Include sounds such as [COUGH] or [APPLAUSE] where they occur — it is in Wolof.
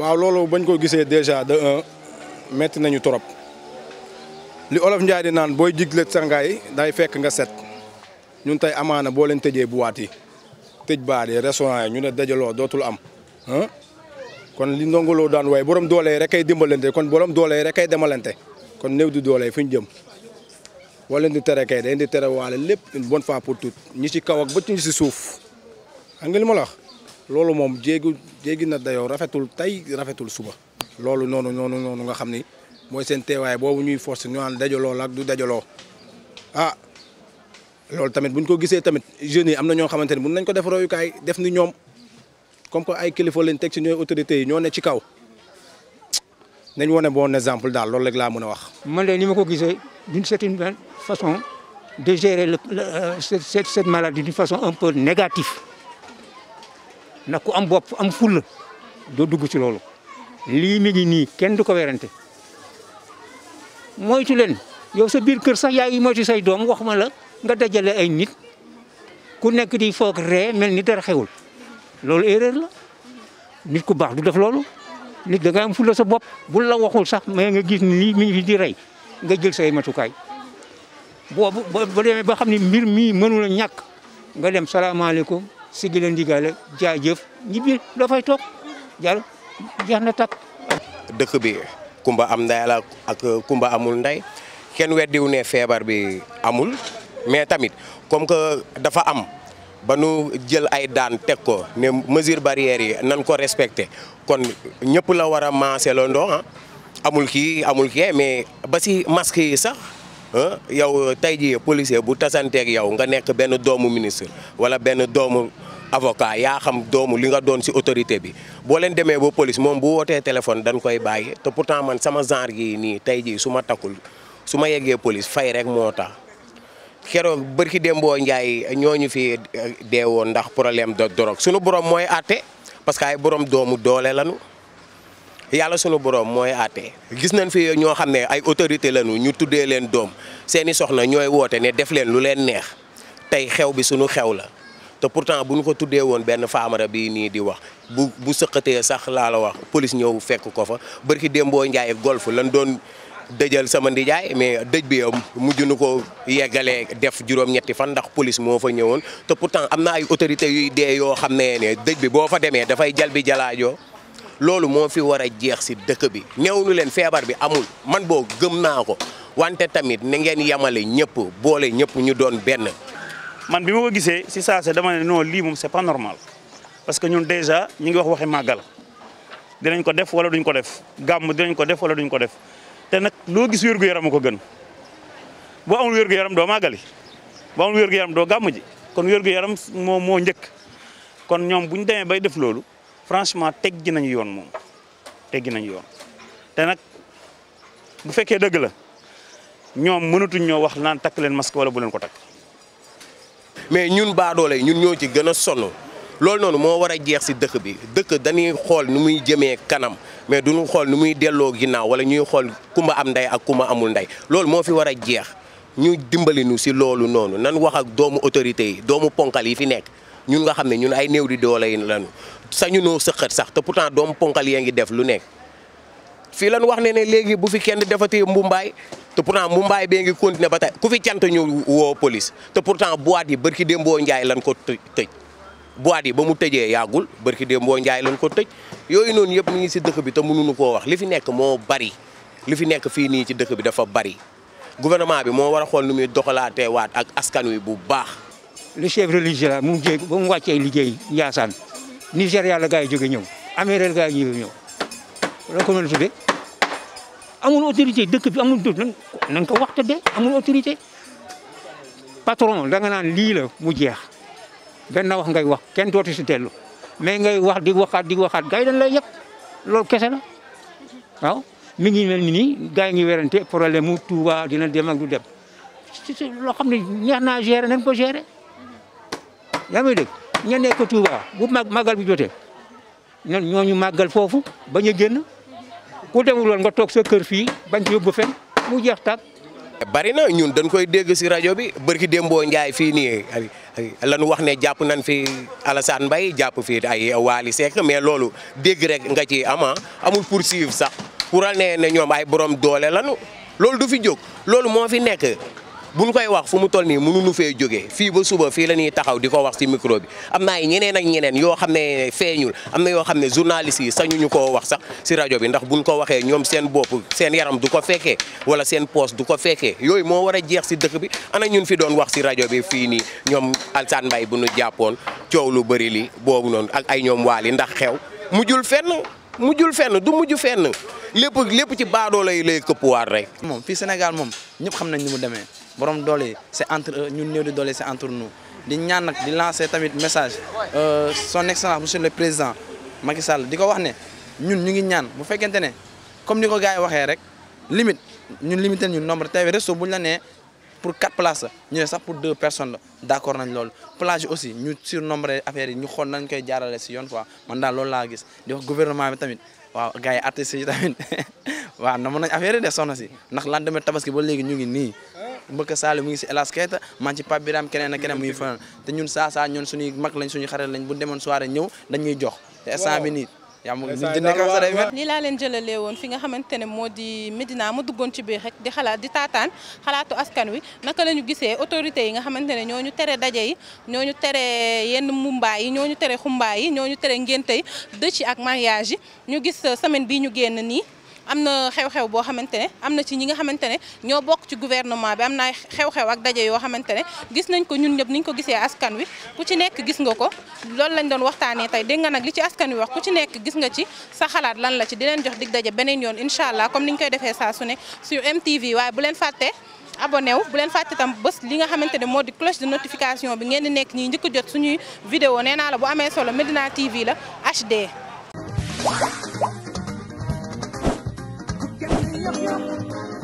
waaw loolu bañ ko gisee déjà de un metti nañu trop li olof Njaay di naan booy jigle sangaay day fekk nga set ñun tey amaana boo leen tëjee bu waat yi tëj baar yi restaurant yi ñu ne dajaloo dootul am kon li ndongoloo daan waaye borom doole yi ay kay kon borom doole yi rek kay demalante kon new di doole yi fu ñu jëm. wala leen di tere kay dañ di tere waale lépp une bonne fois pour toutes ñi ci kaw ak ba ci ñi suuf xam nga la wax loolu moom jéegi jéegi na dayoo rafetul tey rafetul suba. loolu noonu noonu noonu nga xam ni mooy seen teewaay boobu ñuy force ñu naan dajaloo la du dajaloo ah loolu tamit buñ ko gisee tamit jeunes yi am na ñoo xamante ni mun nañ ko def royukaay def ni ñoom comme que ay kilifa lañ teg si ñooy autorités yi ñoo ne ci kaw nañ wane bon exemple daal loolu rek laa mën a wax. man de ni ma ko gisee. d'une certaine façon de gérer le, le, euh, cette, cette, cette maladie d'une façon un peu négative ndax ku am bopp am fulla doo dugg ci loolu lii mi ngi nii kenn du ko werante moytu leen yow sa biir kër sax yaa ngi moytu say doom wax ma la nga dajale ay nit ku nekk di foog ree mel ni dara xewul loolu erreur la nit ku baax du def loolu nit da nga am fulla sa bopp bul la waxul sax mais nga gis ni mi ngi di rey nga jël say matukaay boo ba demee ba xam ne mbir mii mënul a ñàkk nga dem salaamaaleykum si la ndigaale jaajëf ñibbi doo fay toog jàll jeex na takk. dëkk bi kumba am ndey ak kumba amul ndey kenn weddiwu ne feebar bi amul mais tamit comme que dafa am ba nu jël ay daan teg ko ne mesure barrière yi nan ko respecté kon ñëpp la war a maase la ndoo ah. amul kii amul kii mais ba si masque yi sax yow tey jii policier bu tasanteeg yow nga nekk benn doomu ministre wala benn doomu avocat yaa xam doomu li nga doon si autorité bi boo leen demee ba police moom bu wootee téléphone dañ koy bàyyi te pourtant man sama genre yi nii tey jii su ma takkul su ma yeggee police fay rek moo tax keroog bërki Dembo Ndiaye ñooñu fi eh, deewoon ndax problème doo drogue sunu borom mooy àtte parce que ay borom doomu doole lañu. yàlla sunu borom mooy àtte gis nañ fi ñoo xam ne ay autorité lañu ñu tuddee leen doom seeni soxna ñooy woote ne def leen lu leen neex tey xew bi sunu xew la te pourtant bu ñu ko tuddee woon benn faamara bii nii di wax bu bu sëqatee sax laa la wax police ñëw fekk ko fa bërki démboo Njaay golf lan doon dëjal sama ndijaay mais dëj bi mujj nu ko yeggalee def juróom-ñetti fan ndax police moo fa ñëwoon te pourtant am na ay autorité yuy dee yoo xam ne ne dëj bi boo fa demee dafay jal bi jalaajoo loolu moo fi war a jeex si dëkk bi néew nu leen feebar bi amul man boo gëm naa ko wante tamit na ngeen yemale ñëpp boole ñëpp ñu doon benn. man bi ma ko gisee si saa si dama ne non lii moom c'est pas normal parce que ñun déjà ñu ngi wax waxi màggal dinañ ko def wala duñ ko def gàmm dinañ ko def wala duñ ko def te nag loo gis wér gu yaram ko gën boo amul wér gu yaram doo màggali boo amul wér gu yaram doo gàmm ji kon wér gu yaram moo moo njëkk kon ñoom bu demee bay def loolu. franchement teggi nañu yoon moom teggi nañu yoon te nag bu fekkee dëgg la ñoom mënatuñ ñoo wax naan takk leen masque wala bu leen ko takk. mais ñun baadoole ñun ñoo ci gën a sonn loolu noonu moo war a jeex si dëkk bi dëkk dañuy xool nu muy jëmee kanam mais duñu xool nu muy delloo ginnaaw wala ñuy xool kumba am ndey ak kumba amul ndey loolu moo fi war a jeex ñu dimbali nu si loolu noonu nan wax ak doomu autorité yi doomu ponkal yi fi nekk. ñun nga xam ne ñun ay néew di doole yi lañu sañu noo sëqat sax te pourtant doom ponkal yee ngi def lu nekk fii lan wax ne ne léegi bu fi kenn defatee mbumbaay te pourtant mbumbaay bee ngi continuer ba tey ku fi ñu woo police te pourtant boîte yi bërki démboo njaay lan ko tëj boîte yi ba mu tëjee yàggul bërki démboo njaay lan ko tëj yooyu noonu yëpp mu ngi si dëkk bi te mënuñu koo wax li fi nekk moo bari li fi nekk fii nii ci dëkk bi dafa bari gouvernement bi moo wara a nu muy doxalaatee waat ak askan wi bu baax le chef religieux la mu jéeg ba mu wàccee liggéey Ndiassane Nigéria la gars yi jóge ñëw Amérique la gars yi jóge ñëw loolu ko mën a tuddee amul autorité dëkk bi amul dut nan nan ko waxta de amul autorité patron da nga naan lii la mu jeex benn wax ngay wax kenn dootu si tellu mais ngay wax di waxaat di waxaat gars yi dañ lay yëpp loolu kese la waaw mi ngi mel ni nii gars yi ngi werante problème mu tuuba dina dem ak du dem loo xam ne neex naa gérer nañ ko gérer yaa ngi ña nekk Touba bu mag màggal bi jotee ñun ñooñu màggal foofu bañ a génn ku demul woon nga toog sa kër fii bañ yóbbu fen mu jeex tàkk. bari na ñun dañ koy dégg si rajo bi barki Dembo Ndiaye fii nii lañu wax ne jàpp nañ fi Alassane Mbaye jàpp fii ay Waly seek mais loolu dégg rek nga ci ama ah, amul poursuivre sax pour ne ne ñoom ay borom doole lañu loolu du fi jóg loolu moo fi nekk. bu buñ koy wax fu mu toll nii mënuñu fee jóge fii ba suba fii la ñuy taxaw di ko wax ci micro bi am na ay ñeneen ak ñeneen yoo xam ne feeñul am na yoo xam ne journalistes yi sañuñu ko wax sax ci rajo bi ndax buñ ko waxee ñoom seen bopp seen yaram du ko fekkee wala seen poos du ko fekkee yooyu moo war a jeex si dëkk bi ana ñun fi doon wax si rajo bi fii nii ñoom Alsaan Mbaye bu nu jàppoon coow lu bëri li boobu noonu ak ay ñoom waali ndax xew mujjul fenn mujjul fenn du mujj fenn lépp lépp ci baadoo lay këpp waar rek. moom fii Sénégal moom ñëpp xam nañ ni mu demee borom doole yi c'est entre euh, ñun néew di doole c'est entre nous di ñaan nag di lancer tamit message euh, son excellence monsieur le président Macky Sall di ko wax ne ñun ñu ngi ñaan bu fekkente ne comme ni ko gars yi waxee rek limite ñun limité ñun nombre tey resto bu ñu la nee. pour quatre places la ñu ne sax pour deux personnes la d' accord nañ loolu plage aussi ñu surnombre affaire ñu xool nañ koy jaarale si yoon quoi man daal loolu laa gis di wax gouvernement bi tamit waaw gars yi artistes yi tamit [LAUGHS] waaw na mën nañ affaire yi de soxna si ndax lendemain tabaski ba léegi ñu ngi nii Mbëkk Saalum mu ngi si Elas Keita man ci Pape keneen ak keneen muy fanaan te ñun saa saa ñun suñuy mag lañ suñuy xarit lañ bu demoon soirée ñëw dañuy jox te instant bi nii yaa ma jëndee kaas day met laa leen jëlalee woon fi nga xamante ne moo di Médina ma duggoon ci biir rek di xalaat di taataan xalaatu askan wi naka la ñu gisee autorités yi nga xamante ne ñoo ñu tere daje yi ñoo ñu tere yenn mumbaay yi ñoo ñu tere xumbaay yi ñoo ñu tere ngénte yi dëcc ak mariage yi ñu gis euh, semaine bii ñu génn nii. am na xew-xew boo xamante ne am na ci ñi nga xamante ne ñoo bokk ci gouvernement bi am na xew-xew ak daje yoo xamante ne gis nañ ko ñun ñëpp niñ ko gisee askan wi ku ci nekk gis nga ko loolu lañ doon waxtaanee tey dégg nga nag li ci askan wi wax ku ci nekk gis nga ci sa xalaat lan la ci di leen jox dig daje beneen yoon incha allah comme niñ koy defee saa ne sur MTV waaye bu leen fàttee abonew wu bu leen fàtte tam bés li nga xamante ne moo di cloche de notification bi ngeen nekk ñi njëkk jot suñuy vidéo nee naa bu amee solo Medina TV la HD yëpp yëpp